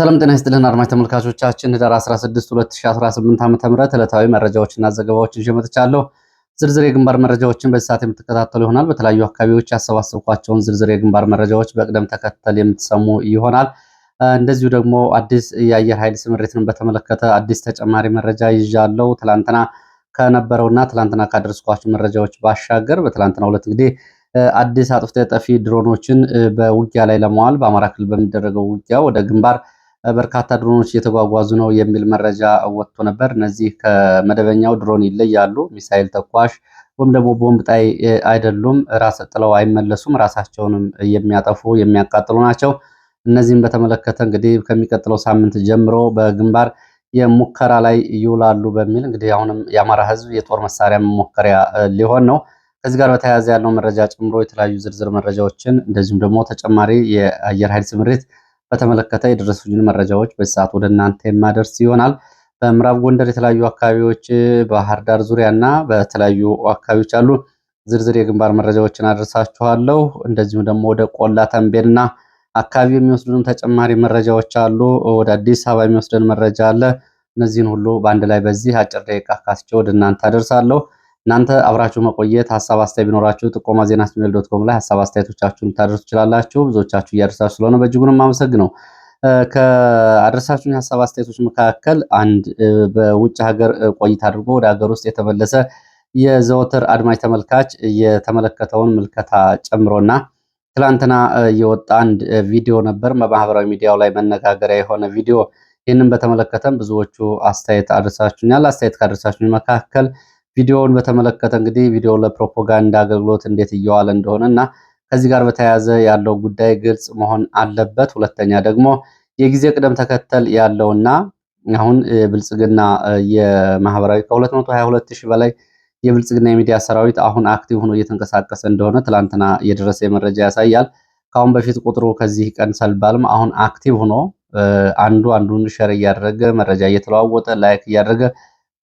ሰላም ጤና ይስጥልን አድማጭ ተመልካቾቻችን ህዳር 16 2018 ዓ.ም ዕለታዊ መረጃዎችና ዘገባዎችን ይዤ መጥቻለሁ። ዝርዝር የግንባር መረጃዎችን በዚህ ሰዓት የምትከታተሉ ይሆናል። በተለያዩ አካባቢዎች ያሰባሰብኳቸውን ዝርዝር የግንባር መረጃዎች በቅደም ተከተል የምትሰሙ ይሆናል። እንደዚሁ ደግሞ አዲስ የአየር ኃይል ስምሪትን በተመለከተ አዲስ ተጨማሪ መረጃ ይዣለሁ። ትላንትና ከነበረውና ትላንትና ካደረስኳችሁ መረጃዎች ባሻገር በትላንትናው ሁለት ጊዜ አዲስ አጥፍቶ ጠፊ ድሮኖችን በውጊያ ላይ ለመዋል በአማራ ክልል በሚደረገው ውጊያ ወደ ግንባር በርካታ ድሮኖች እየተጓጓዙ ነው የሚል መረጃ ወጥቶ ነበር። እነዚህ ከመደበኛው ድሮን ይለያሉ። ሚሳይል ተኳሽ ወይም ደግሞ ቦምብ ጣይ አይደሉም። ራስ ጥለው አይመለሱም። ራሳቸውንም የሚያጠፉ የሚያቃጥሉ ናቸው። እነዚህም በተመለከተ እንግዲህ ከሚቀጥለው ሳምንት ጀምሮ በግንባር የሙከራ ላይ ይውላሉ በሚል እንግዲህ አሁንም የአማራ ሕዝብ የጦር መሳሪያ መሞከሪያ ሊሆን ነው። ከዚህ ጋር በተያያዘ ያለው መረጃ ጨምሮ የተለያዩ ዝርዝር መረጃዎችን እንደዚሁም ደግሞ ተጨማሪ የአየር ኃይል ስምሪት በተመለከተ የደረሱኝን መረጃዎች በዚህ ሰዓት ወደ እናንተ የማደርስ ይሆናል። በምዕራብ ጎንደር የተለያዩ አካባቢዎች፣ ባህር ዳር ዙሪያ እና በተለያዩ አካባቢዎች አሉ ዝርዝር የግንባር መረጃዎችን አደርሳችኋለሁ። እንደዚሁም ደግሞ ወደ ቆላ ተንቤንና አካባቢ የሚወስዱንም ተጨማሪ መረጃዎች አሉ። ወደ አዲስ አበባ የሚወስደን መረጃ አለ። እነዚህን ሁሉ በአንድ ላይ በዚህ አጭር ደቂቃ ካስቸው ወደ እናንተ አደርሳለሁ። እናንተ አብራችሁ መቆየት ሀሳብ አስተያየት ቢኖራችሁ ጥቆማ ዜና ጂሜል ዶት ኮም ላይ ሀሳብ አስተያየቶቻችሁን ልታደርሱ ትችላላችሁ። ብዙዎቻችሁ እያደርሳችሁ ስለሆነ በእጅጉን አመሰግነው። ከአደረሳችሁኝ ሀሳብ አስተያየቶች መካከል አንድ በውጭ ሀገር ቆይታ አድርጎ ወደ ሀገር ውስጥ የተመለሰ የዘወትር አድማጅ ተመልካች የተመለከተውን ምልከታ ጨምሮና ትላንትና የወጣ አንድ ቪዲዮ ነበር በማህበራዊ ሚዲያው ላይ መነጋገሪያ የሆነ ቪዲዮ። ይህንን በተመለከተም ብዙዎቹ አስተያየት አድርሳችሁኛል። አስተያየት ካደረሳችሁኝ መካከል ቪዲዮውን በተመለከተ እንግዲህ ቪዲዮ ለፕሮፓጋንዳ አገልግሎት እንዴት እየዋለ እንደሆነ እና ከዚህ ጋር በተያያዘ ያለው ጉዳይ ግልጽ መሆን አለበት። ሁለተኛ ደግሞ የጊዜ ቅደም ተከተል ያለውና አሁን ብልጽግና የማህበራዊ ከ222 ሺህ በላይ የብልጽግና የሚዲያ ሰራዊት አሁን አክቲቭ ሆኖ እየተንቀሳቀሰ እንደሆነ ትላንትና የደረሰ መረጃ ያሳያል። ከአሁን በፊት ቁጥሩ ከዚህ ቀን ሰልባልም አሁን አክቲቭ ሆኖ አንዱ አንዱን ሸር እያደረገ መረጃ እየተለዋወጠ ላይክ እያደረገ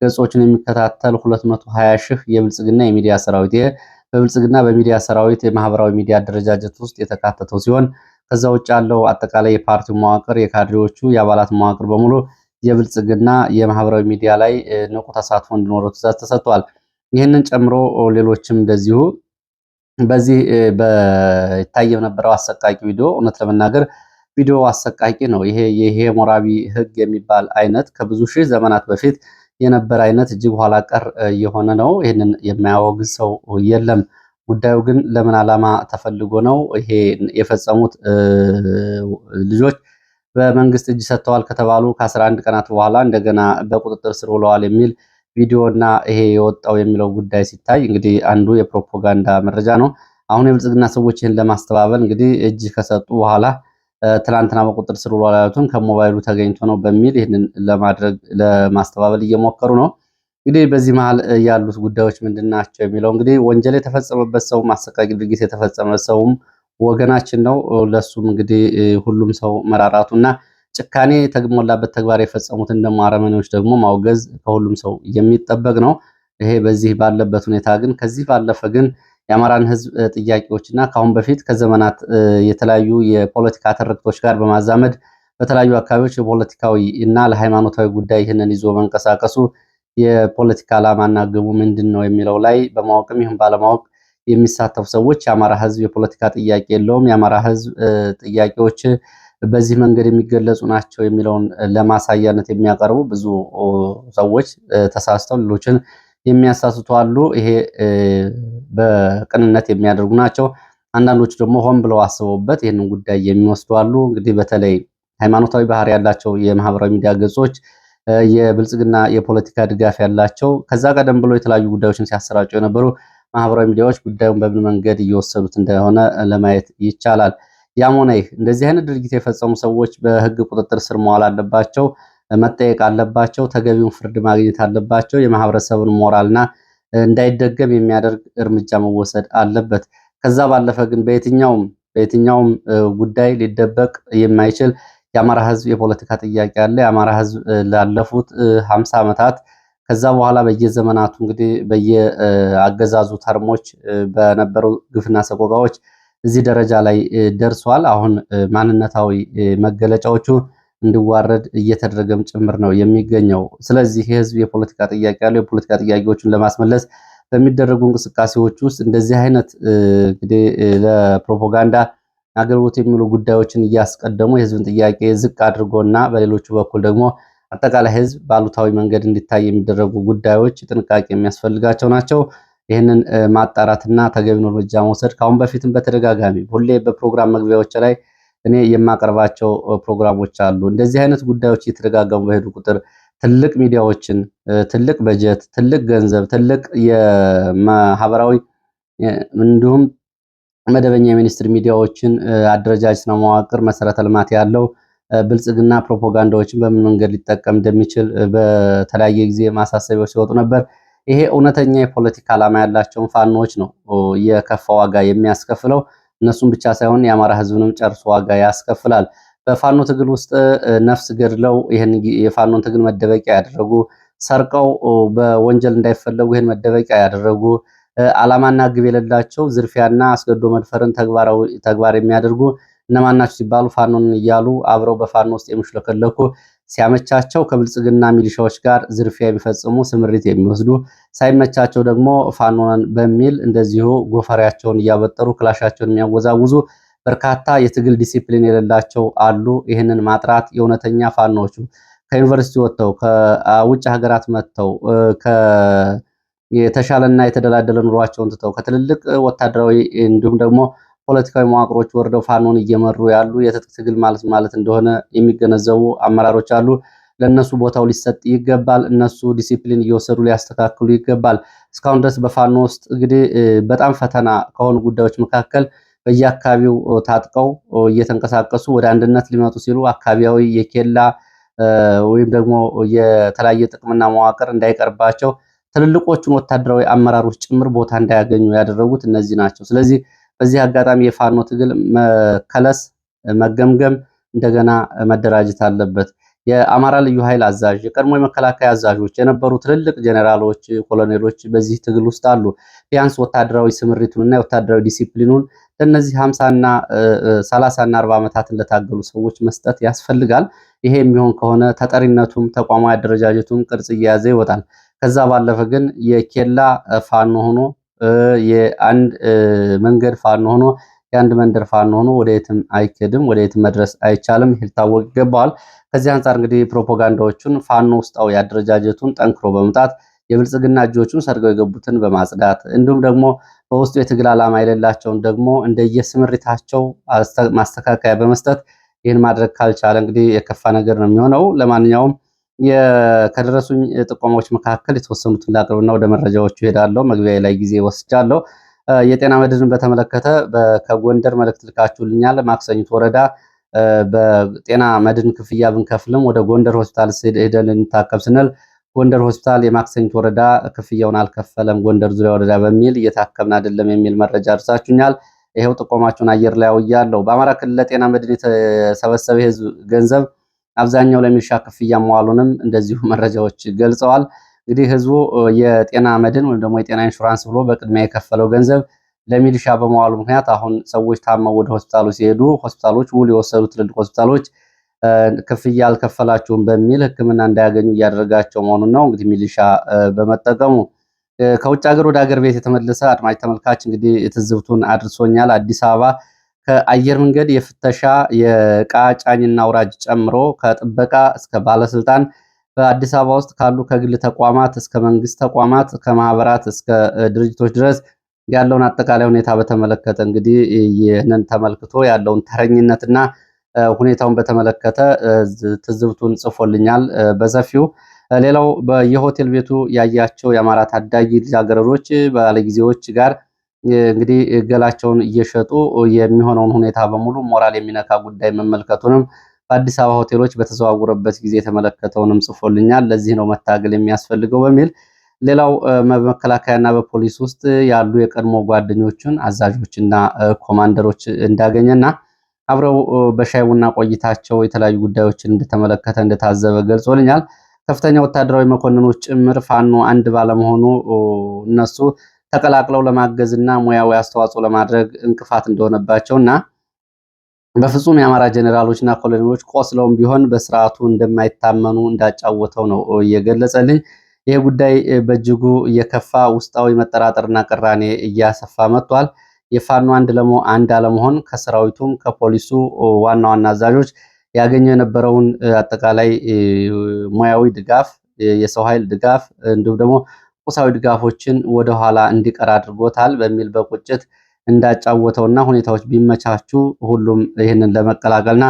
ገጾችን የሚከታተል 220 ሺህ የብልጽግና የሚዲያ ሰራዊት። ይሄ በብልጽግና በሚዲያ ሰራዊት የማህበራዊ ሚዲያ አደረጃጀት ውስጥ የተካተተው ሲሆን ከዛ ውጭ ያለው አጠቃላይ የፓርቲው መዋቅር፣ የካድሬዎቹ የአባላት መዋቅር በሙሉ የብልጽግና የማህበራዊ ሚዲያ ላይ ንቁ ተሳትፎ እንዲኖረው ትእዛዝ ተሰጥቷል። ይህንን ጨምሮ ሌሎችም እንደዚሁ በዚህ ይታይ የነበረው አሰቃቂ ቪዲዮ እውነት ለመናገር ቪዲዮ አሰቃቂ ነው። ይሄ የሄሞራቢ ሞራቢ ህግ የሚባል አይነት ከብዙ ሺህ ዘመናት በፊት የነበረ አይነት እጅግ ኋላ ቀር የሆነ ነው። ይህንን የማያወግዝ ሰው የለም። ጉዳዩ ግን ለምን ዓላማ ተፈልጎ ነው? ይሄ የፈጸሙት ልጆች በመንግስት እጅ ሰጥተዋል ከተባሉ ከ11 ቀናት በኋላ እንደገና በቁጥጥር ስር ውለዋል የሚል ቪዲዮ እና ይሄ የወጣው የሚለው ጉዳይ ሲታይ እንግዲህ አንዱ የፕሮፓጋንዳ መረጃ ነው። አሁን የብልጽግና ሰዎች ይህን ለማስተባበል እንግዲህ እጅ ከሰጡ በኋላ ትናንትና በቁጥር ስር ውሏል ያሉትን ከሞባይሉ ተገኝቶ ነው በሚል ይህንን ለማድረግ ለማስተባበል እየሞከሩ ነው። እንግዲህ በዚህ መሀል ያሉት ጉዳዮች ምንድን ናቸው የሚለው እንግዲህ ወንጀል የተፈጸመበት ሰውም አሰቃቂ ድርጊት የተፈጸመ ሰውም ወገናችን ነው። ለሱም እንግዲህ ሁሉም ሰው እና ጭካኔ የተሞላበት ተግባር የፈጸሙትን ደግሞ አረመኔዎች ደግሞ ማውገዝ ከሁሉም ሰው የሚጠበቅ ነው። ይሄ በዚህ ባለበት ሁኔታ ግን ከዚህ ባለፈ ግን የአማራን ህዝብ ጥያቄዎች እና ከአሁን በፊት ከዘመናት የተለያዩ የፖለቲካ ትርክቶች ጋር በማዛመድ በተለያዩ አካባቢዎች የፖለቲካዊ እና ለሃይማኖታዊ ጉዳይ ይህንን ይዞ መንቀሳቀሱ የፖለቲካ ዓላማና ግቡ ምንድን ነው የሚለው ላይ በማወቅም ይሁን ባለማወቅ የሚሳተፉ ሰዎች የአማራ ህዝብ የፖለቲካ ጥያቄ የለውም፣ የአማራ ህዝብ ጥያቄዎች በዚህ መንገድ የሚገለጹ ናቸው የሚለውን ለማሳያነት የሚያቀርቡ ብዙ ሰዎች ተሳስተው ሌሎችን የሚያሳስቱ አሉ። ይሄ በቅንነት የሚያደርጉ ናቸው። አንዳንዶቹ ደግሞ ሆን ብለው አስበውበት ይህንን ጉዳይ የሚወስዱ አሉ። እንግዲህ በተለይ ሃይማኖታዊ ባህሪ ያላቸው የማህበራዊ ሚዲያ ገጾች የብልጽግና የፖለቲካ ድጋፍ ያላቸው ከዛ ቀደም ብሎ የተለያዩ ጉዳዮችን ሲያሰራጩ የነበሩ ማህበራዊ ሚዲያዎች ጉዳዩን በምን መንገድ እየወሰዱት እንደሆነ ለማየት ይቻላል። ያም ሆነ ይህ እንደዚህ አይነት ድርጊት የፈጸሙ ሰዎች በህግ ቁጥጥር ስር መዋል አለባቸው። መጠየቅ አለባቸው። ተገቢውን ፍርድ ማግኘት አለባቸው። የማህበረሰቡን ሞራልና እንዳይደገም የሚያደርግ እርምጃ መወሰድ አለበት። ከዛ ባለፈ ግን በየትኛውም በየትኛውም ጉዳይ ሊደበቅ የማይችል የአማራ ህዝብ የፖለቲካ ጥያቄ አለ። የአማራ ህዝብ ላለፉት ሀምሳ ዓመታት ከዛ በኋላ በየዘመናቱ እንግዲህ በየአገዛዙ ተርሞች በነበሩ ግፍና ሰቆቃዎች እዚህ ደረጃ ላይ ደርሷል። አሁን ማንነታዊ መገለጫዎቹ እንዲዋረድ እየተደረገም ጭምር ነው የሚገኘው። ስለዚህ የህዝብ የፖለቲካ ጥያቄ ያለው የፖለቲካ ጥያቄዎችን ለማስመለስ በሚደረጉ እንቅስቃሴዎች ውስጥ እንደዚህ አይነት እንግዲህ ለፕሮፓጋንዳ አገልግሎት የሚሉ ጉዳዮችን እያስቀደሙ የህዝብን ጥያቄ ዝቅ እና በሌሎቹ በኩል ደግሞ አጠቃላይ ህዝብ በአሉታዊ መንገድ እንዲታይ የሚደረጉ ጉዳዮች ጥንቃቄ የሚያስፈልጋቸው ናቸው። ይህንን ማጣራትና ተገቢውን እርምጃ መውሰድ ከአሁን በፊትም በተደጋጋሚ ሁሌ በፕሮግራም መግቢያዎች ላይ እኔ የማቀርባቸው ፕሮግራሞች አሉ። እንደዚህ አይነት ጉዳዮች እየተደጋገሙ በሄዱ ቁጥር ትልቅ ሚዲያዎችን፣ ትልቅ በጀት፣ ትልቅ ገንዘብ፣ ትልቅ የማህበራዊ እንዲሁም መደበኛ የሚኒስትር ሚዲያዎችን አደረጃጀትና መዋቅር መሰረተ ልማት ያለው ብልጽግና ፕሮፓጋንዳዎችን በምን መንገድ ሊጠቀም እንደሚችል በተለያየ ጊዜ ማሳሰቢያዎች ሲወጡ ነበር። ይሄ እውነተኛ የፖለቲካ ዓላማ ያላቸውን ፋኖች ነው የከፋ ዋጋ የሚያስከፍለው። እነሱም ብቻ ሳይሆን የአማራ ህዝብንም ጨርሶ ዋጋ ያስከፍላል። በፋኖ ትግል ውስጥ ነፍስ ገድለው ይህን የፋኖን ትግል መደበቂያ ያደረጉ ሰርቀው በወንጀል እንዳይፈለጉ ይህን መደበቂያ ያደረጉ ዓላማና ግብ የሌላቸው ዝርፊያና አስገዶ መድፈርን ተግባር የሚያደርጉ እነማናቸው ሲባሉ ፋኖን እያሉ አብረው በፋኖ ውስጥ የሚሽለከለኩ ሲያመቻቸው ከብልጽግና ሚሊሻዎች ጋር ዝርፊያ የሚፈጽሙ ስምሪት የሚወስዱ ሳይመቻቸው ደግሞ ፋኖን በሚል እንደዚሁ ጎፈሪያቸውን እያበጠሩ ክላሻቸውን የሚያወዛውዙ በርካታ የትግል ዲሲፕሊን የሌላቸው አሉ። ይህንን ማጥራት የእውነተኛ ፋኖቹ ከዩኒቨርሲቲ ወጥተው ከውጭ ሀገራት መጥተው የተሻለና የተደላደለ ኑሯቸውን ትተው ከትልልቅ ወታደራዊ እንዲሁም ደግሞ ፖለቲካዊ መዋቅሮች ወርደው ፋኖን እየመሩ ያሉ የትጥቅ ትግል ማለት ማለት እንደሆነ የሚገነዘቡ አመራሮች አሉ። ለእነሱ ቦታው ሊሰጥ ይገባል። እነሱ ዲሲፕሊን እየወሰዱ ሊያስተካክሉ ይገባል። እስካሁን ድረስ በፋኖ ውስጥ እንግዲህ በጣም ፈተና ከሆኑ ጉዳዮች መካከል በየአካባቢው ታጥቀው እየተንቀሳቀሱ ወደ አንድነት ሊመጡ ሲሉ አካባቢያዊ የኬላ ወይም ደግሞ የተለያየ ጥቅምና መዋቅር እንዳይቀርባቸው ትልልቆቹን ወታደራዊ አመራሮች ጭምር ቦታ እንዳያገኙ ያደረጉት እነዚህ ናቸው። ስለዚህ በዚህ አጋጣሚ የፋኖ ትግል መከለስ፣ መገምገም፣ እንደገና መደራጀት አለበት። የአማራ ልዩ ኃይል አዛዥ፣ የቀድሞ የመከላከያ አዛዦች የነበሩ ትልልቅ ጀኔራሎች፣ ኮሎኔሎች በዚህ ትግል ውስጥ አሉ። ቢያንስ ወታደራዊ እና የወታደራዊ ዲሲፕሊኑን ለእነዚህ ሀምሳና ሰላሳና አርባ ዓመታትን ለታገሉ ሰዎች መስጠት ያስፈልጋል። ይሄ የሚሆን ከሆነ ተጠሪነቱም ተቋማዊ አደረጃጀቱም ቅርጽ እየያዘ ይወጣል። ከዛ ባለፈ ግን የኬላ ፋኖ ሆኖ የአንድ መንገድ ፋኖ ሆኖ የአንድ መንደር ፋኖ ሆኖ ወደ የትም አይክድም፣ ወደ የትም መድረስ አይቻልም። ይህ ሊታወቅ ይገባዋል። ከዚህ አንጻር እንግዲህ ፕሮፓጋንዳዎቹን ፋኖ ውስጣዊ አደረጃጀቱን ጠንክሮ በመምጣት የብልጽግና እጆቹን ሰርገው የገቡትን በማጽዳት እንዲሁም ደግሞ በውስጡ የትግል ዓላማ የሌላቸውን ደግሞ እንደየስምሪታቸው ማስተካከያ በመስጠት ይህን ማድረግ ካልቻለ እንግዲህ የከፋ ነገር ነው የሚሆነው። ለማንኛውም ከደረሱኝ ጥቆማዎች መካከል የተወሰኑትን ላቅርብና ወደ መረጃዎቹ ይሄዳለሁ። መግቢያ ላይ ጊዜ ወስጃለሁ። የጤና መድህንን በተመለከተ ከጎንደር መልእክት ልካችሁልኛል። ማክሰኝት ወረዳ በጤና መድህን ክፍያ ብንከፍልም ወደ ጎንደር ሆስፒታል ሄደን እንታከም ስንል ጎንደር ሆስፒታል የማክሰኝት ወረዳ ክፍያውን አልከፈለም፣ ጎንደር ዙሪያ ወረዳ በሚል እየታከምን አይደለም የሚል መረጃ ደርሳችሁኛል። ይሄው ጥቆማችሁን አየር ላይ አውያለሁ። በአማራ ክልል ለጤና መድህን የተሰበሰበ የህዝብ ገንዘብ አብዛኛው ለሚሊሻ ክፍያ መዋሉንም እንደዚሁ መረጃዎች ገልጸዋል። እንግዲህ ህዝቡ የጤና መድን ወይም ደግሞ የጤና ኢንሹራንስ ብሎ በቅድሚያ የከፈለው ገንዘብ ለሚሊሻ በመዋሉ ምክንያት አሁን ሰዎች ታመው ወደ ሆስፒታሉ ሲሄዱ ሆስፒታሎች ውል የወሰዱ ትልልቅ ሆስፒታሎች ክፍያ አልከፈላችሁም በሚል ሕክምና እንዳያገኙ እያደረጋቸው መሆኑን ነው። እንግዲህ ሚሊሻ በመጠቀሙ ከውጭ ሀገር ወደ ሀገር ቤት የተመለሰ አድማጭ ተመልካች እንግዲህ ትዝብቱን አድርሶኛል። አዲስ አበባ ከአየር መንገድ የፍተሻ የእቃ ጫኝና አውራጅ ጨምሮ ከጥበቃ እስከ ባለስልጣን በአዲስ አበባ ውስጥ ካሉ ከግል ተቋማት እስከ መንግስት ተቋማት ከማህበራት እስከ ድርጅቶች ድረስ ያለውን አጠቃላይ ሁኔታ በተመለከተ እንግዲህ ይህንን ተመልክቶ ያለውን ተረኝነትና ሁኔታውን በተመለከተ ትዝብቱን ጽፎልኛል በሰፊው። ሌላው የሆቴል ቤቱ ያያቸው የአማራ ታዳጊ ልጃገረዶች ባለጊዜዎች ጋር እንግዲህ ገላቸውን እየሸጡ የሚሆነውን ሁኔታ በሙሉ ሞራል የሚነካ ጉዳይ መመልከቱንም በአዲስ አበባ ሆቴሎች በተዘዋወረበት ጊዜ የተመለከተውንም ጽፎልኛል። ለዚህ ነው መታገል የሚያስፈልገው በሚል ሌላው በመከላከያና በፖሊስ ውስጥ ያሉ የቀድሞ ጓደኞቹን አዛዦችና ኮማንደሮች እንዳገኘና አብረው በሻይ ቡና ቆይታቸው የተለያዩ ጉዳዮችን እንደተመለከተ እንደታዘበ ገልጾልኛል። ከፍተኛ ወታደራዊ መኮንኖች ጭምር ፋኖ አንድ ባለመሆኑ እነሱ ተቀላቅለው ለማገዝና ሙያዊ አስተዋጽኦ ለማድረግ እንቅፋት እንደሆነባቸው እና በፍጹም የአማራ ጀኔራሎች እና ኮሎኔሎች ቆስለውም ቢሆን በስርዓቱ እንደማይታመኑ እንዳጫወተው ነው እየገለጸልኝ። ይህ ጉዳይ በእጅጉ እየከፋ ውስጣዊ መጠራጠርና ቅራኔ እያሰፋ መጥቷል። የፋኖ አንድ ለሞ አንድ አለመሆን ከሰራዊቱም ከፖሊሱ ዋና ዋና አዛዦች ያገኘው የነበረውን አጠቃላይ ሙያዊ ድጋፍ፣ የሰው ኃይል ድጋፍ እንዲሁም ደግሞ ቁሳዊ ድጋፎችን ወደኋላ እንዲቀር አድርጎታል በሚል በቁጭት እንዳጫወተውና ሁኔታዎች ቢመቻቹ ሁሉም ይህንን ለመቀላቀልና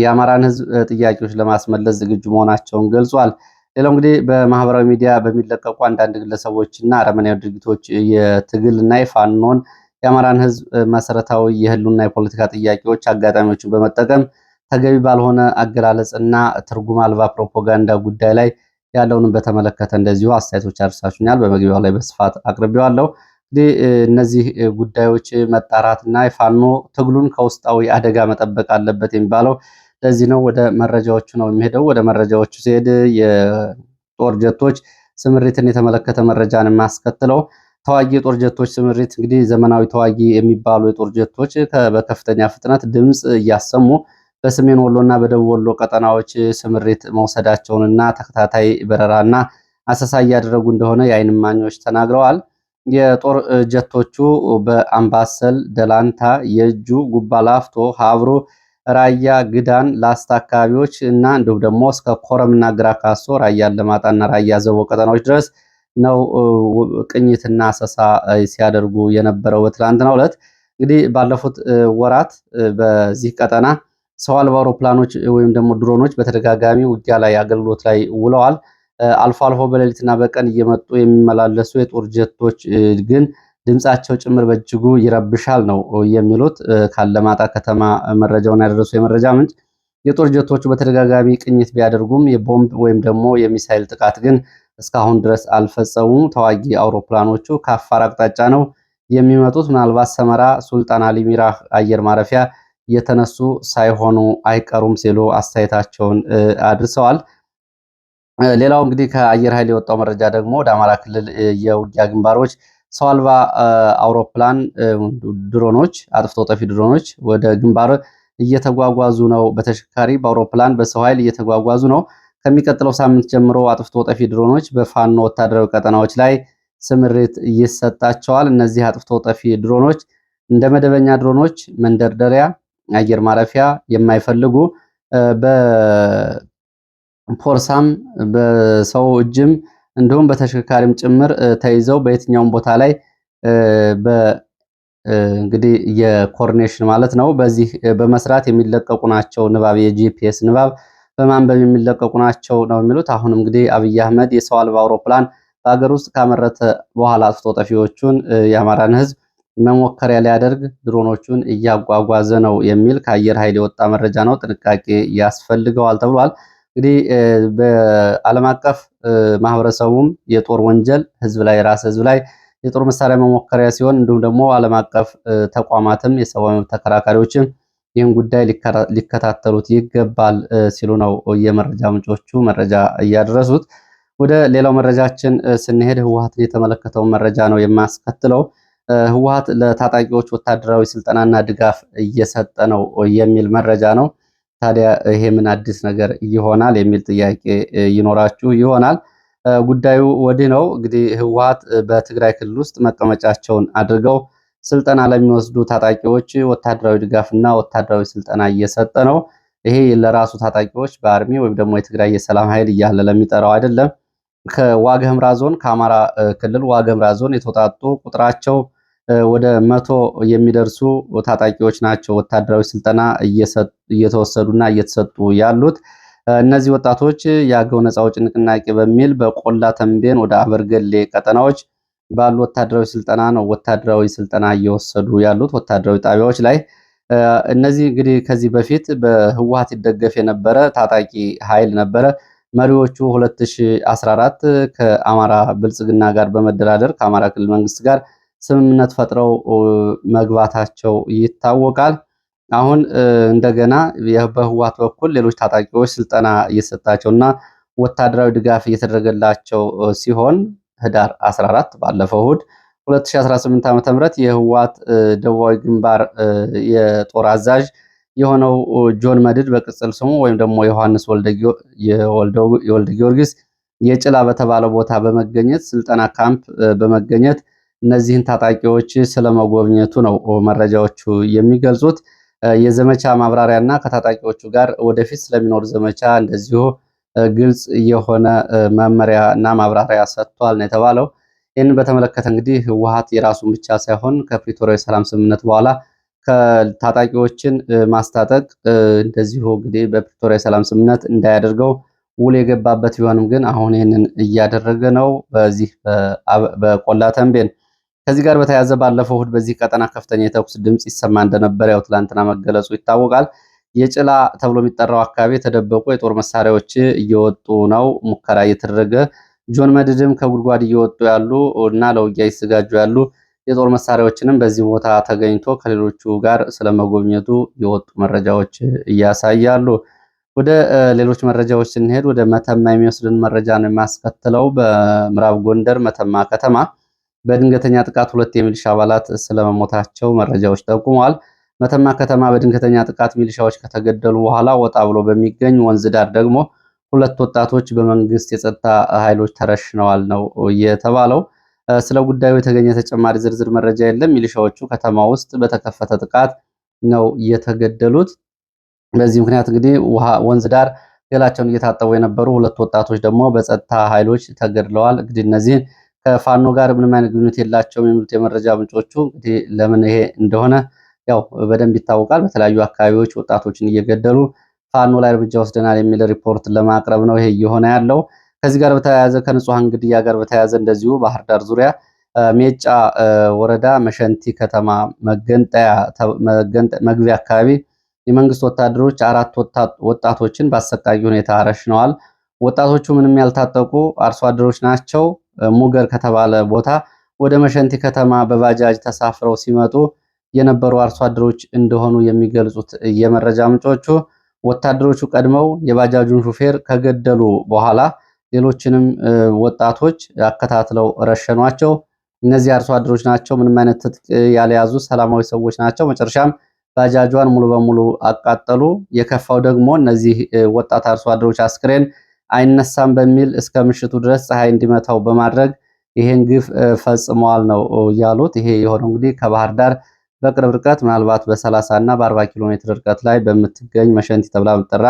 የአማራን ሕዝብ ጥያቄዎች ለማስመለስ ዝግጁ መሆናቸውን ገልጿል። ሌላው እንግዲህ በማህበራዊ ሚዲያ በሚለቀቁ አንዳንድ ግለሰቦችና አረመኔያዊ ድርጊቶች የትግልና የፋኖን የአማራን ሕዝብ መሰረታዊ የህሉና የፖለቲካ ጥያቄዎች አጋጣሚዎችን በመጠቀም ተገቢ ባልሆነ አገላለጽና ትርጉም አልባ ፕሮፓጋንዳ ጉዳይ ላይ ያለውንም በተመለከተ እንደዚሁ አስተያየቶች አድርሳችሁኛል። በመግቢያው ላይ በስፋት አቅርቤዋለሁ። እንግዲህ እነዚህ ጉዳዮች መጣራትና የፋኖ ትግሉን ከውስጣዊ አደጋ መጠበቅ አለበት የሚባለው ለዚህ ነው። ወደ መረጃዎቹ ነው የሚሄደው። ወደ መረጃዎቹ ሲሄድ የጦር ጀቶች ስምሪትን የተመለከተ መረጃን የማስከትለው ተዋጊ የጦር ጀቶች ስምሪት እንግዲህ ዘመናዊ ተዋጊ የሚባሉ የጦር ጀቶች በከፍተኛ ፍጥነት ድምፅ እያሰሙ በሰሜን ወሎና በደቡብ ወሎ ቀጠናዎች ስምሪት መውሰዳቸውንና ተከታታይ በረራና አሰሳ እያደረጉ እንደሆነ የዓይን እማኞች ተናግረዋል። የጦር ጀቶቹ በአምባሰል፣ ደላንታ፣ የእጁ፣ ጉባላፍቶ፣ ሀብሩ፣ ራያ፣ ግዳን፣ ላስታ አካባቢዎች እና እንዲሁም ደግሞ እስከ ኮረምና ግራካሶ ራያ አላማጣና ራያ ዘቦ ቀጠናዎች ድረስ ነው ቅኝትና አሰሳ ሲያደርጉ የነበረው በትላንትናው ዕለት። እንግዲህ ባለፉት ወራት በዚህ ቀጠና ሰው አልባ አውሮፕላኖች ወይም ደግሞ ድሮኖች በተደጋጋሚ ውጊያ ላይ አገልግሎት ላይ ውለዋል። አልፎ አልፎ በሌሊትና በቀን እየመጡ የሚመላለሱ የጦር ጀቶች ግን ድምፃቸው ጭምር በእጅጉ ይረብሻል ነው የሚሉት ካለማጣ ከተማ መረጃውን ያደረሱ የመረጃ ምንጭ። የጦር ጀቶቹ በተደጋጋሚ ቅኝት ቢያደርጉም የቦምብ ወይም ደግሞ የሚሳይል ጥቃት ግን እስካሁን ድረስ አልፈጸሙም። ተዋጊ አውሮፕላኖቹ ከአፋር አቅጣጫ ነው የሚመጡት። ምናልባት ሰመራ ሱልጣን አሊ ሚራህ አየር ማረፊያ የተነሱ ሳይሆኑ አይቀሩም ሲሉ አስተያየታቸውን አድርሰዋል። ሌላው እንግዲህ ከአየር ኃይል የወጣው መረጃ ደግሞ ወደ አማራ ክልል የውጊያ ግንባሮች ሰው አልባ አውሮፕላን ድሮኖች፣ አጥፍቶ ጠፊ ድሮኖች ወደ ግንባር እየተጓጓዙ ነው። በተሽከርካሪ በአውሮፕላን በሰው ኃይል እየተጓጓዙ ነው። ከሚቀጥለው ሳምንት ጀምሮ አጥፍቶ ጠፊ ድሮኖች በፋኖ ወታደራዊ ቀጠናዎች ላይ ስምሪት ይሰጣቸዋል። እነዚህ አጥፍቶ ጠፊ ድሮኖች እንደ መደበኛ ድሮኖች መንደርደሪያ አየር ማረፊያ የማይፈልጉ በፖርሳም በሰው እጅም እንዲሁም በተሽከርካሪም ጭምር ተይዘው በየትኛውም ቦታ ላይ እንግዲህ የኮርኔሽን ማለት ነው። በዚህ በመስራት የሚለቀቁ ናቸው ንባብ የጂፒኤስ ንባብ በማንበብ የሚለቀቁ ናቸው ነው የሚሉት። አሁን እንግዲህ አብይ አህመድ የሰው አልባ አውሮፕላን በሀገር ውስጥ ካመረተ በኋላ አጥፍቶ ጠፊዎቹን የአማራን ህዝብ መሞከሪያ ሊያደርግ ድሮኖቹን እያጓጓዘ ነው የሚል ከአየር ኃይል የወጣ መረጃ ነው። ጥንቃቄ ያስፈልገዋል ተብሏል። እንግዲህ በዓለም አቀፍ ማህበረሰቡም የጦር ወንጀል ህዝብ ላይ ራስ ህዝብ ላይ የጦር መሳሪያ መሞከሪያ ሲሆን እንዲሁም ደግሞ ዓለም አቀፍ ተቋማትም የሰብአዊ መብት ተከራካሪዎችም ይህን ጉዳይ ሊከታተሉት ይገባል ሲሉ ነው የመረጃ ምንጮቹ መረጃ እያደረሱት። ወደ ሌላው መረጃችን ስንሄድ ህወሓትን የተመለከተውን መረጃ ነው የማስከትለው። ህወሓት ለታጣቂዎች ወታደራዊ ስልጠናና ድጋፍ እየሰጠ ነው የሚል መረጃ ነው። ታዲያ ይሄ ምን አዲስ ነገር ይሆናል የሚል ጥያቄ ይኖራችሁ ይሆናል። ጉዳዩ ወዲህ ነው እንግዲህ ህወሓት በትግራይ ክልል ውስጥ መቀመጫቸውን አድርገው ስልጠና ለሚወስዱ ታጣቂዎች ወታደራዊ ድጋፍና ወታደራዊ ስልጠና እየሰጠ ነው። ይሄ ለራሱ ታጣቂዎች በአርሚ ወይም ደግሞ የትግራይ የሰላም ኃይል እያለ ለሚጠራው አይደለም። ከዋግህምራ ዞን ከአማራ ክልል ዋግህምራ ዞን የተውጣጡ ቁጥራቸው ወደ መቶ የሚደርሱ ታጣቂዎች ናቸው ወታደራዊ ስልጠና እየተወሰዱና እየተሰጡ ያሉት። እነዚህ ወጣቶች የአገው ነጻ አውጪ ንቅናቄ በሚል በቆላ ተንቤን ወደ አበርገሌ ቀጠናዎች ባሉ ወታደራዊ ስልጠና ነው ወታደራዊ ስልጠና እየወሰዱ ያሉት ወታደራዊ ጣቢያዎች ላይ። እነዚህ እንግዲህ ከዚህ በፊት በህወሀት ይደገፍ የነበረ ታጣቂ ኃይል ነበረ። መሪዎቹ 2014 ከአማራ ብልጽግና ጋር በመደራደር ከአማራ ክልል መንግስት ጋር ስምምነት ፈጥረው መግባታቸው ይታወቃል። አሁን እንደገና በህዋት በኩል ሌሎች ታጣቂዎች ስልጠና እየተሰጣቸው እና ወታደራዊ ድጋፍ እየተደረገላቸው ሲሆን ህዳር 14 ባለፈው እሁድ 2018 ዓ.ም የህዋት ደቡባዊ ግንባር የጦር አዛዥ የሆነው ጆን መድድ በቅጽል ስሙ ወይም ደግሞ ዮሐንስ ወልደ ጊዮርጊስ የጭላ በተባለ ቦታ በመገኘት ስልጠና ካምፕ በመገኘት እነዚህን ታጣቂዎች ስለመጎብኘቱ ነው መረጃዎቹ የሚገልጹት። የዘመቻ ማብራሪያና ከታጣቂዎቹ ጋር ወደፊት ስለሚኖር ዘመቻ እንደዚሁ ግልጽ የሆነ መመሪያ እና ማብራሪያ ሰጥቷል ነው የተባለው። ይህንን በተመለከተ እንግዲህ ህወሓት የራሱን ብቻ ሳይሆን ከፕሪቶሪያ የሰላም ስምምነት በኋላ ከታጣቂዎችን ማስታጠቅ እንደዚሁ እንግዲህ በፕሪቶሪያ የሰላም ስምምነት እንዳያደርገው ውል የገባበት ቢሆንም ግን አሁን ይህንን እያደረገ ነው። በዚህ በቆላ ተንቤን ከዚህ ጋር በተያያዘ ባለፈው እሁድ በዚህ ቀጠና ከፍተኛ የተኩስ ድምፅ ይሰማ እንደነበረ ያው ትላንትና መገለጹ ይታወቃል። የጭላ ተብሎ የሚጠራው አካባቢ የተደበቁ የጦር መሳሪያዎች እየወጡ ነው ሙከራ እየተደረገ ጆን መድድም ከጉድጓድ እየወጡ ያሉ እና ለውጊያ ይዘጋጁ ያሉ የጦር መሳሪያዎችንም በዚህ ቦታ ተገኝቶ ከሌሎቹ ጋር ስለመጎብኘቱ የወጡ መረጃዎች እያሳያሉ። ወደ ሌሎች መረጃዎች ስንሄድ ወደ መተማ የሚወስድን መረጃ ነው የማስከትለው። በምዕራብ ጎንደር መተማ ከተማ በድንገተኛ ጥቃት ሁለት የሚሊሻ አባላት ስለመሞታቸው መረጃዎች ጠቁመዋል። መተማ ከተማ በድንገተኛ ጥቃት ሚሊሻዎች ከተገደሉ በኋላ ወጣ ብሎ በሚገኝ ወንዝ ዳር ደግሞ ሁለት ወጣቶች በመንግስት የጸጥታ ኃይሎች ተረሽነዋል ነው የተባለው። ስለ ጉዳዩ የተገኘ ተጨማሪ ዝርዝር መረጃ የለም። ሚሊሻዎቹ ከተማ ውስጥ በተከፈተ ጥቃት ነው የተገደሉት። በዚህ ምክንያት እንግዲህ ወንዝ ዳር ገላቸውን እየታጠቡ የነበሩ ሁለት ወጣቶች ደግሞ በጸጥታ ኃይሎች ተገድለዋል። እንግዲህ እነዚህን ከፋኖ ጋር ምንም አይነት ግንኙነት የላቸውም የሚሉት የመረጃ ምንጮቹ እንግዲህ ለምን ይሄ እንደሆነ ያው በደንብ ይታወቃል። በተለያዩ አካባቢዎች ወጣቶችን እየገደሉ ፋኖ ላይ እርምጃ ወስደናል የሚል ሪፖርት ለማቅረብ ነው ይሄ እየሆነ ያለው። ከዚህ ጋር በተያያዘ ከንጹሐን ግድያ ጋር በተያያዘ እንደዚሁ ባህር ዳር ዙሪያ ሜጫ ወረዳ መሸንቲ ከተማ መግቢያ አካባቢ የመንግስት ወታደሮች አራት ወጣቶችን በአሰቃቂ ሁኔታ አረሽነዋል። ወጣቶቹ ምንም ያልታጠቁ አርሶ አደሮች ናቸው። ሙገር ከተባለ ቦታ ወደ መሸንቲ ከተማ በባጃጅ ተሳፍረው ሲመጡ የነበሩ አርሶ አደሮች እንደሆኑ የሚገልጹት የመረጃ ምንጮቹ ወታደሮቹ ቀድመው የባጃጁን ሹፌር ከገደሉ በኋላ ሌሎችንም ወጣቶች አከታትለው ረሸኗቸው። እነዚህ አርሶ አደሮች ናቸው፣ ምንም አይነት ትጥቅ ያልያዙ ሰላማዊ ሰዎች ናቸው። መጨረሻም ባጃጇን ሙሉ በሙሉ አቃጠሉ። የከፋው ደግሞ እነዚህ ወጣት አርሶ አደሮች አስክሬን አይነሳም በሚል እስከ ምሽቱ ድረስ ፀሐይ እንዲመታው በማድረግ ይሄን ግፍ ፈጽመዋል ነው ያሉት። ይሄ የሆነው እንግዲህ ከባህር ዳር በቅርብ ርቀት ምናልባት በ30 እና በ40 ኪሎ ሜትር ርቀት ላይ በምትገኝ መሸንቲ ተብላ የምትጠራ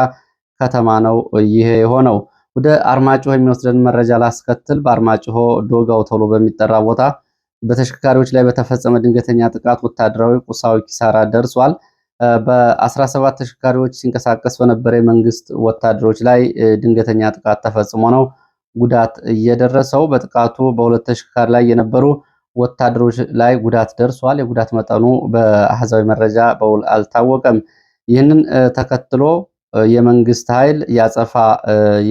ከተማ ነው ይሄ የሆነው። ወደ አርማጭሆ የሚወስደን መረጃ ላስከትል። በአርማጭሆ ዶጋው ተብሎ በሚጠራ ቦታ በተሽከርካሪዎች ላይ በተፈጸመ ድንገተኛ ጥቃት ወታደራዊ ቁሳዊ ኪሳራ ደርሷል። በአስራሰባት 17 ተሽከርካሪዎች ሲንቀሳቀስ በነበረ የመንግስት ወታደሮች ላይ ድንገተኛ ጥቃት ተፈጽሞ ነው ጉዳት እየደረሰው። በጥቃቱ በሁለት ተሽከርካሪ ላይ የነበሩ ወታደሮች ላይ ጉዳት ደርሷል። የጉዳት መጠኑ በአሃዛዊ መረጃ በውል አልታወቀም። ይህንን ተከትሎ የመንግስት ኃይል ያጸፋ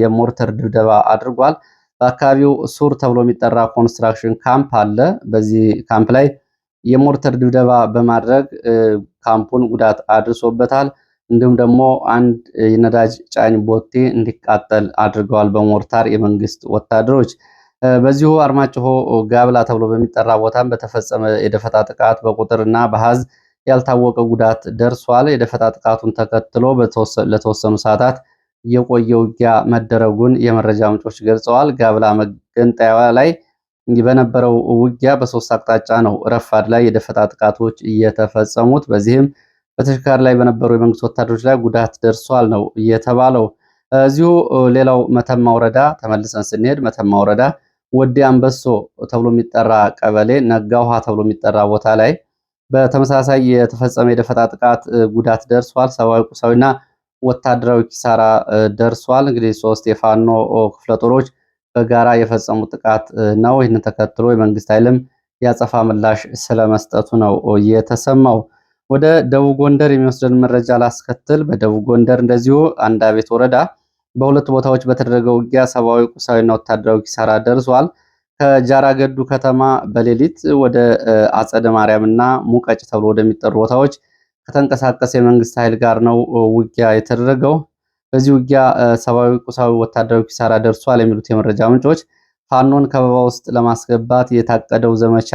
የሞርተር ድብደባ አድርጓል። በአካባቢው ሱር ተብሎ የሚጠራ ኮንስትራክሽን ካምፕ አለ። በዚህ ካምፕ ላይ የሞርተር ድብደባ በማድረግ ካምፑን ጉዳት አድርሶበታል። እንዲሁም ደግሞ አንድ የነዳጅ ጫኝ ቦቴ እንዲቃጠል አድርገዋል በሞርታር የመንግስት ወታደሮች። በዚሁ አርማጭሆ ጋብላ ተብሎ በሚጠራ ቦታም በተፈጸመ የደፈጣ ጥቃት በቁጥር እና ያልታወቀ ጉዳት ደርሷል። የደፈጣ ጥቃቱን ተከትሎ ለተወሰኑ ሰዓታት የቆየ ውጊያ መደረጉን የመረጃ ምንጮች ገልጸዋል። ጋብላ መገንጠያ ላይ በነበረው ውጊያ በሶስት አቅጣጫ ነው ረፋድ ላይ የደፈጣ ጥቃቶች እየተፈጸሙት። በዚህም በተሽከርካሪ ላይ በነበሩ የመንግስት ወታደሮች ላይ ጉዳት ደርሷል ነው እየተባለው። እዚሁ ሌላው መተማ ወረዳ ተመልሰን ስንሄድ መተማ ወረዳ ወዲ አንበሶ ተብሎ የሚጠራ ቀበሌ ነጋ ውሃ ተብሎ የሚጠራ ቦታ ላይ በተመሳሳይ የተፈጸመ የደፈጣ ጥቃት ጉዳት ደርሷል። ሰብአዊ፣ ቁሳዊና ወታደራዊ ኪሳራ ደርሷል። እንግዲህ ሶስት የፋኖ ክፍለ ጦሮች በጋራ የፈጸሙት ጥቃት ነው። ይህንን ተከትሎ የመንግስት ኃይልም ያጸፋ ምላሽ ስለመስጠቱ ነው የተሰማው። ወደ ደቡብ ጎንደር የሚወስደን መረጃ ላስከትል። በደቡብ ጎንደር እንደዚሁ አንዳቤት ወረዳ በሁለት ቦታዎች በተደረገ ውጊያ ሰብአዊ፣ ቁሳዊና ወታደራዊ ኪሳራ ደርሷል። ከጃራ ገዱ ከተማ በሌሊት ወደ አጸደ ማርያምና ሙቀጭ ተብሎ ወደሚጠሩ ቦታዎች ከተንቀሳቀሰ የመንግስት ኃይል ጋር ነው ውጊያ የተደረገው። በዚህ ውጊያ ሰብአዊ፣ ቁሳዊ፣ ወታደራዊ ኪሳራ ደርሷል የሚሉት የመረጃ ምንጮች ፋኖን ከበባ ውስጥ ለማስገባት የታቀደው ዘመቻ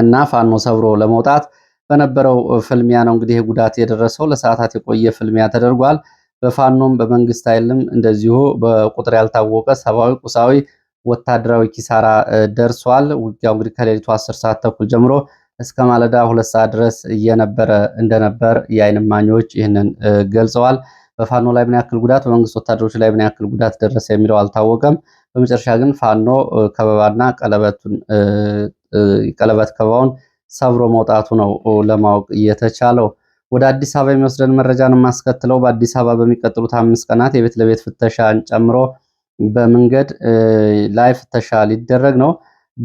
እና ፋኖ ሰብሮ ለመውጣት በነበረው ፍልሚያ ነው እንግዲህ ጉዳት የደረሰው። ለሰዓታት የቆየ ፍልሚያ ተደርጓል። በፋኖም በመንግስት ኃይልም እንደዚሁ በቁጥር ያልታወቀ ሰብአዊ፣ ቁሳዊ፣ ወታደራዊ ኪሳራ ደርሷል። ውጊያው እንግዲህ ከሌሊቱ አስር ሰዓት ተኩል ጀምሮ እስከ ማለዳ ሁለት ሰዓት ድረስ እየነበረ እንደነበር የአይን እማኞች ይህንን ገልጸዋል። በፋኖ ላይ ምን ያክል ጉዳት፣ በመንግስት ወታደሮች ላይ ምን ያክል ጉዳት ደረሰ የሚለው አልታወቀም። በመጨረሻ ግን ፋኖ ከበባና ቀለበት ከበባውን ሰብሮ መውጣቱ ነው ለማወቅ እየተቻለው። ወደ አዲስ አበባ የሚወስደን መረጃን የማስከትለው በአዲስ አበባ በሚቀጥሉት አምስት ቀናት የቤት ለቤት ፍተሻን ጨምሮ በመንገድ ላይ ፍተሻ ሊደረግ ነው።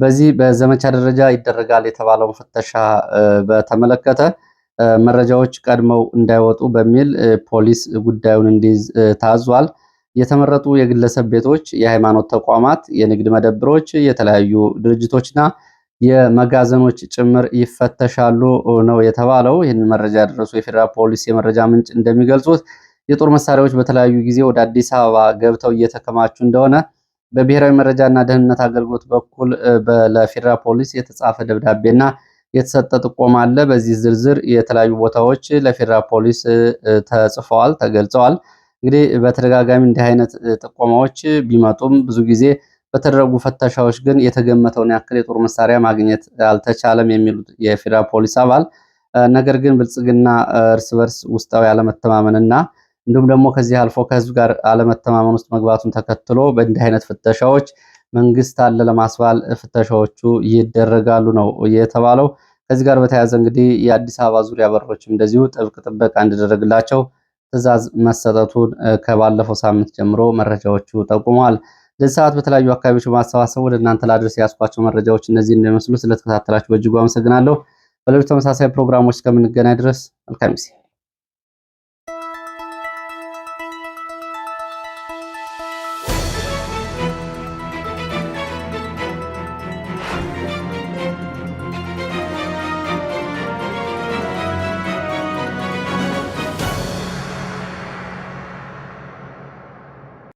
በዚህ በዘመቻ ደረጃ ይደረጋል የተባለውን ፍተሻ በተመለከተ መረጃዎች ቀድመው እንዳይወጡ በሚል ፖሊስ ጉዳዩን እንዲይዝ ታዟል። የተመረጡ የግለሰብ ቤቶች፣ የሃይማኖት ተቋማት፣ የንግድ መደብሮች፣ የተለያዩ ድርጅቶችና የመጋዘኖች ጭምር ይፈተሻሉ ነው የተባለው። ይህን መረጃ ያደረሱ የፌዴራል ፖሊስ የመረጃ ምንጭ እንደሚገልጹት የጦር መሳሪያዎች በተለያዩ ጊዜ ወደ አዲስ አበባ ገብተው እየተከማቹ እንደሆነ በብሔራዊ መረጃና ደህንነት አገልግሎት በኩል ለፌዴራል ፖሊስ የተጻፈ ደብዳቤና የተሰጠ ጥቆማ አለ። በዚህ ዝርዝር የተለያዩ ቦታዎች ለፌዴራል ፖሊስ ተጽፈዋል፣ ተገልጸዋል። እንግዲህ በተደጋጋሚ እንዲህ አይነት ጥቆማዎች ቢመጡም ብዙ ጊዜ በተደረጉ ፍተሻዎች ግን የተገመተውን ያክል የጦር መሳሪያ ማግኘት አልተቻለም የሚሉት የፌዴራል ፖሊስ አባል ነገር ግን ብልጽግና እርስ በርስ ውስጣዊ አለመተማመንና እንዲሁም ደግሞ ከዚህ አልፎ ከህዝብ ጋር አለመተማመን ውስጥ መግባቱን ተከትሎ በእንዲህ አይነት ፍተሻዎች መንግስት አለ ለማስባል ፍተሻዎቹ ይደረጋሉ ነው የተባለው። ከዚህ ጋር በተያያዘ እንግዲህ የአዲስ አበባ ዙሪያ በሮች እንደዚሁ ጥብቅ ጥበቃ እንዲደረግላቸው ትዕዛዝ መሰጠቱን ከባለፈው ሳምንት ጀምሮ መረጃዎቹ ጠቁመዋል። ለዚህ ሰዓት በተለያዩ አካባቢዎች በማሰባሰብ ወደ እናንተ ላድረስ ያስኳቸው መረጃዎች እነዚህ እንደሚመስሉ ስለተከታተላችሁ በእጅጉ አመሰግናለሁ። በሌሎች ተመሳሳይ ፕሮግራሞች እስከምንገናኝ ድረስ መልካም ጊዜ